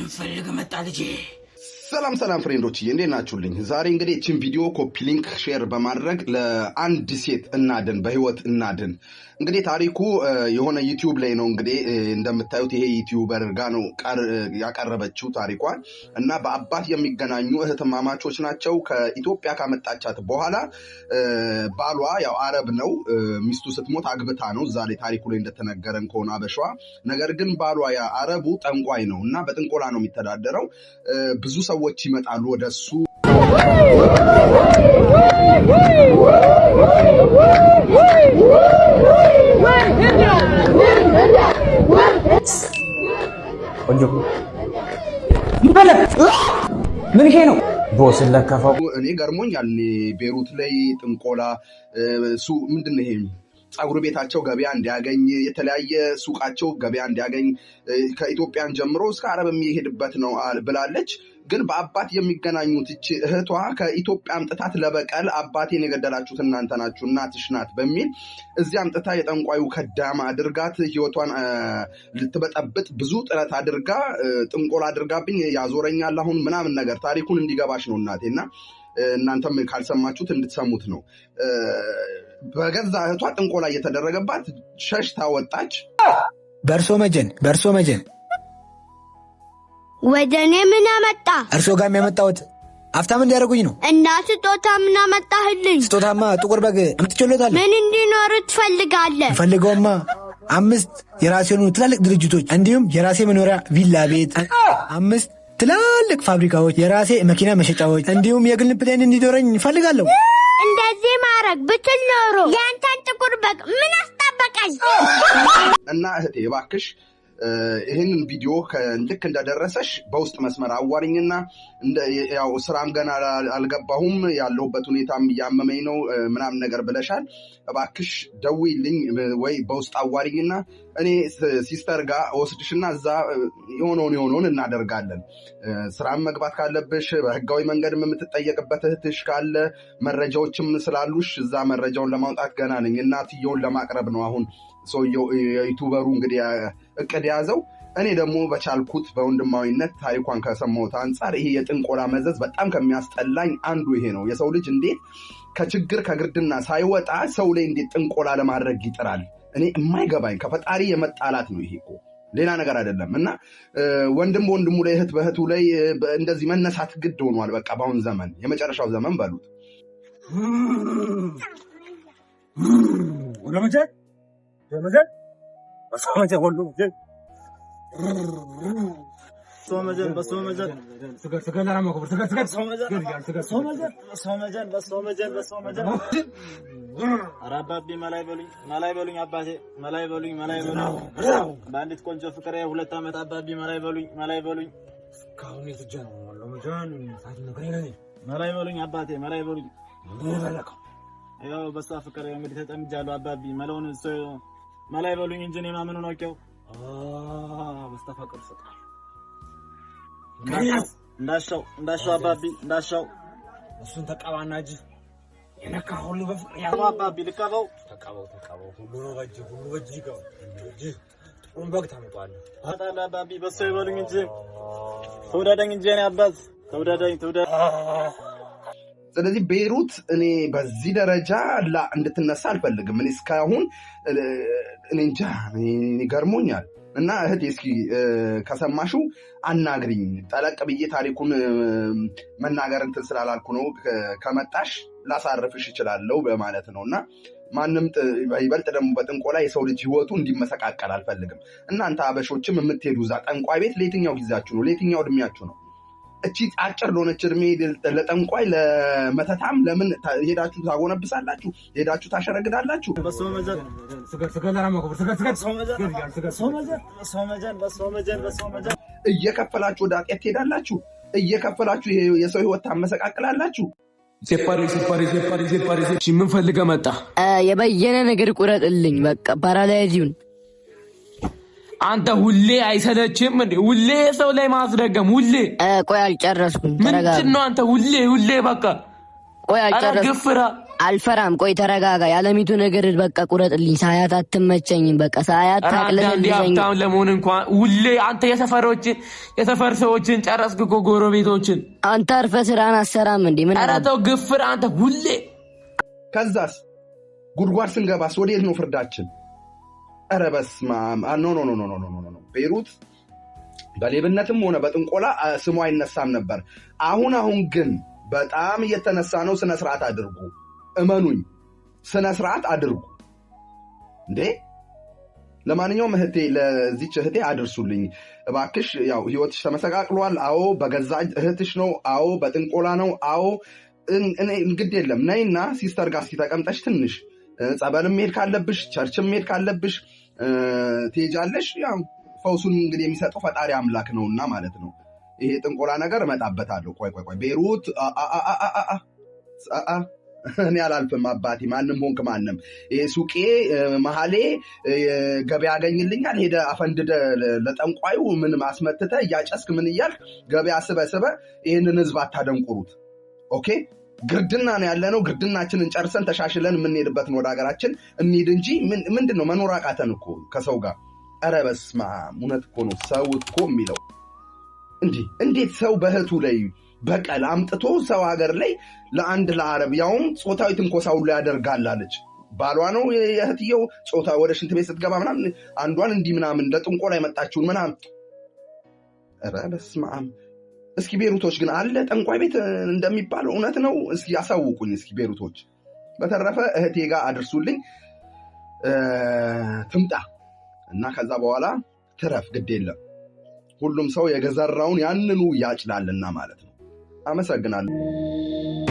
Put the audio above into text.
ልንፈልግ መጣ ልጄ ሰላም ሰላም ፍሬንዶችዬ እንዴት ናችሁልኝ? ዛሬ እንግዲህ ችን ቪዲዮ ኮፒ ሊንክ ሼር በማድረግ ለአንድ ሴት እናድን፣ በህይወት እናድን። እንግዲህ ታሪኩ የሆነ ዩቲዩብ ላይ ነው። እንግዲህ እንደምታዩት ይሄ ዩቲዩበር ጋ ነው ያቀረበችው ታሪኳን እና በአባት የሚገናኙ እህትማማቾች ናቸው። ከኢትዮጵያ ካመጣቻት በኋላ ባሏ ያው አረብ ነው፣ ሚስቱ ስትሞት አግብታ ነው። እዛ ላይ ታሪኩ ላይ እንደተነገረን ከሆነ አበሻዋ። ነገር ግን ባሏ ያ አረቡ ጠንቋይ ነው እና በጥንቆላ ነው የሚተዳደረው ብዙ ሰው ሰዎች ይመጣሉ ወደ እሱ። ምን ይሄ ነው? ቦስ ለከፈው። እኔ ገርሞኛል። ቤሩት ላይ ጥንቆላ እሱ ምንድን ነው ይሄ? ፀጉር ቤታቸው ገበያ እንዲያገኝ የተለያየ ሱቃቸው ገበያ እንዲያገኝ ከኢትዮጵያን ጀምሮ እስከ አረብ የሚሄድበት ነው ብላለች። ግን በአባት የሚገናኙት እች እህቷ ከኢትዮጵያ አምጥታት ለበቀል አባቴን የገደላችሁት እናንተ ናችሁ እናትሽ ናት በሚል እዚያ አምጥታ የጠንቋዩ ከዳማ አድርጋት ህይወቷን ልትበጠብጥ ብዙ ጥረት አድርጋ ጥንቆላ አድርጋብኝ ያዞረኛል አሁን ምናምን ነገር ታሪኩን እንዲገባሽ ነው እናቴ እና እናንተም ካልሰማችሁት እንድትሰሙት ነው። በገዛ እህቷ ጥንቆላ እየተደረገባት ሸሽታ ወጣች። በእርሶ መጀን በእርሶ መጀን ወደ እኔ ምን አመጣ? እርሶ ጋር የሚያመጣውት አፍታም እንዲያደርጉኝ ነው። እና ስጦታ ምን አመጣህልኝ? ስጦታማ ጥቁር በግ አምጥቼልዎታለሁ። ምን እንዲኖር ትፈልጋለህ? ፈልገውማ አምስት የራሴ የሆኑ ትላልቅ ድርጅቶች እንዲሁም የራሴ መኖሪያ ቪላ ቤት አምስት ትላልቅ ፋብሪካዎች፣ የራሴ መኪና መሸጫዎች እንዲሁም የግል ፕሌን እንዲኖረኝ እፈልጋለሁ። እንደዚህ ማድረግ ብትል ኖሮ ያንተን ጥቁር በግ ምን አስጠበቀኝ እና እባክሽ ይህንን ቪዲዮ ልክ እንደደረሰሽ በውስጥ መስመር አዋርኝና ያው ስራም ገና አልገባሁም ያለሁበት ሁኔታም እያመመኝ ነው ምናምን ነገር ብለሻል። እባክሽ ደውይልኝ ወይ በውስጥ አዋርኝና እኔ ሲስተር ጋር ወስድሽና እዛ የሆነውን የሆነውን እናደርጋለን። ስራም መግባት ካለብሽ በህጋዊ መንገድም የምትጠየቅበት እህትሽ ካለ መረጃዎችም ስላሉሽ እዛ መረጃውን ለማውጣት ገና ነኝ። እናትየውን ለማቅረብ ነው አሁን ሰውየው ዩቱበሩ እንግዲህ እቅድ የያዘው እኔ ደግሞ በቻልኩት በወንድማዊነት ታሪኳን ከሰማሁት አንጻር ይሄ የጥንቆላ መዘዝ በጣም ከሚያስጠላኝ አንዱ ይሄ ነው። የሰው ልጅ እንዴት ከችግር ከግርድና ሳይወጣ ሰው ላይ እንዴት ጥንቆላ ለማድረግ ይጥራል? እኔ የማይገባኝ ከፈጣሪ የመጣላት ነው ይሄ እኮ ሌላ ነገር አይደለም። እና ወንድም በወንድሙ ላይ እህት በእህቱ ላይ እንደዚህ መነሳት ግድ ሆኗል። በቃ በአሁን ዘመን የመጨረሻው ዘመን በሉት ወደ መቼ ኧረ አባቴ መላይ በሉኝ፣ መላይ በሉኝ፣ አባቴ መላይ በሉኝ፣ መላይ በሉኝ። በአንዲት ቆንጆ ፍቅሬ ሁለት ዓመት አባቴ መላይ በሉኝ፣ መላይ በሉኝ። መላይ በሉኝ አባቴ መላይ በሉኝ። ያው በሷ ፍቅሬ እንግዲህ ተጠምጃለሁ አባቢ መለውን መላ ይበሉኝ እንጂ እኔ ምናምን አውቄው መስተፋቅር እንዳሻው እንዳሻው አባቢ እንዳሻው እሱን ተቀባና እጅ የነካ ሁሉ አባቢ ልቀበው ተቀበው ተቀበው ሁሉ ነው በእጅ ሁሉ በእጅ ይገባል እጅ ጥሩም በግ ታመጣለህ አጣላ አባቢ በሰው ይበሉኝ እንጂ ተውደደኝ እንጂ እኔ አባት ተውደደኝ ተውደደኝ ስለዚህ ቤይሩት እኔ በዚህ ደረጃ ላ እንድትነሳ አልፈልግም። እኔ እስካሁን እንጃ ገርሞኛል እና እህት እስኪ ከሰማሹ አናግሪኝ። ጠለቅ ብዬ ታሪኩን መናገር እንትን ስላላልኩ ነው። ከመጣሽ ላሳርፍሽ ይችላለው በማለት ነው እና ማንም ይበልጥ ደግሞ በጥንቆላ የሰው ልጅ ህይወቱ እንዲመሰቃቀል አልፈልግም። እናንተ አበሾችም የምትሄዱ እዛ ጠንቋይ ቤት ለየትኛው ጊዜያችሁ ነው? ለየትኛው እድሜያችሁ ነው? እቺ አጭር ለሆነች እድሜ ለጠንቋይ ለመተታም ለምን ሄዳችሁ ታጎነብሳላችሁ? ሄዳችሁ ታሸረግዳላችሁ? እየከፈላችሁ ወደ አጤት ትሄዳላችሁ። እየከፈላችሁ የሰው ህይወት ታመሰቃቅላላችሁ። ሴፓሪ ሴፓሪ ምን ፈልገህ መጣ? የበየነ ነገር ቁረጥልኝ። በቃ ፓራላይዚውን አንተ ሁሌ አይሰለችም እንዴ? ሁሌ ሰው ላይ ማስደገም ሁሌ። ቆይ አልጨረስኩም። ምንድን ነው አንተ ሁሌ ሁሌ በቃ ቆይ አልጨረስኩም። አልፈራም። ቆይ ተረጋጋ። ያለሚቱ ነገር በቃ ቁረጥልኝ። ሳያት አትመቸኝም። በቃ ሳያት ታቅለልኝ። ለመሆን እንኳን ሁሌ አንተ የሰፈሮች የሰፈር ሰዎችን ጨረስክ እኮ ጎረቤቶችን። አንተ አርፈ ስራን አሰራም እንዴ? ምን ኧረ ተው ግፍር አንተ ሁሌ። ከዛስ ጉድጓድ ስንገባስ ወዴት ነው ፍርዳችን? ኧረ በስመ አብ ኖ ኖ ኖ ኖ ኖ ቤይሩት በሌብነትም ሆነ በጥንቆላ ስሙ አይነሳም ነበር። አሁን አሁን ግን በጣም እየተነሳ ነው። ስነስርዓት አድርጉ፣ እመኑኝ፣ ስነስርዓት አድርጉ እንዴ። ለማንኛውም እህቴ ለዚች እህቴ አድርሱልኝ እባክሽ። ያው ህይወትሽ ተመሰቃቅሏል። አዎ በገዛ እህትሽ ነው። አዎ በጥንቆላ ነው። አዎ እንግድ የለም ነይና ሲስተር ጋር እስኪ ተቀምጠሽ ትንሽ ጸበልም መሄድ ካለብሽ ቸርችም መሄድ ካለብሽ ትሄጃለሽ። ያው ፈውሱን እንግዲህ የሚሰጠው ፈጣሪ አምላክ ነውና ማለት ነው። ይሄ ጥንቆላ ነገር እመጣበታለሁ። ቆይ ቆይ ቆይ ቤሩት እኔ አላልፍም አባቴ፣ ማንም ሆንክ ማንም። ሱቄ መሀሌ ገበያ ያገኝልኛል። ሄደ አፈንድደ ለጠንቋዩ ምን አስመትተ እያጨስክ ምን እያልክ ገበያ ስበስበ ይህንን ህዝብ አታደንቁሩት። ኦኬ ግርድና ነው ያለነው። ግርድናችንን ጨርሰን ተሻሽለን የምንሄድበት ነው ወደ ሀገራችን እንሂድ እንጂ ምንድን ነው መኖር አቃተን እኮ ከሰው ጋር። ኧረ በስመ አብ እውነት እኮ ነው ሰው እኮ የሚለው እንዲህ። እንዴት ሰው በእህቱ ላይ በቀል አምጥቶ ሰው ሀገር ላይ ለአንድ ለአረብ ያውም ጾታዊ ትንኮሳ ሁሉ ያደርጋል አለች። ባሏ ነው የእህትየው ፆታ ወደ ሽንት ቤት ስትገባ ምናምን አንዷን እንዲህ ምናምን ለጥንቆላ የመጣችውን ምናምን ኧረ በስመ አብ እስኪ ቤሩቶች ግን አለ ጠንቋይ ቤት እንደሚባለው እውነት ነው? እስኪ ያሳውቁኝ እስኪ ቤሩቶች፣ በተረፈ እህቴ ጋር አድርሱልኝ ትምጣ እና ከዛ በኋላ ትረፍ። ግድ የለም ሁሉም ሰው የገዘራውን ያንኑ ያጭላልና ማለት ነው። አመሰግናለሁ።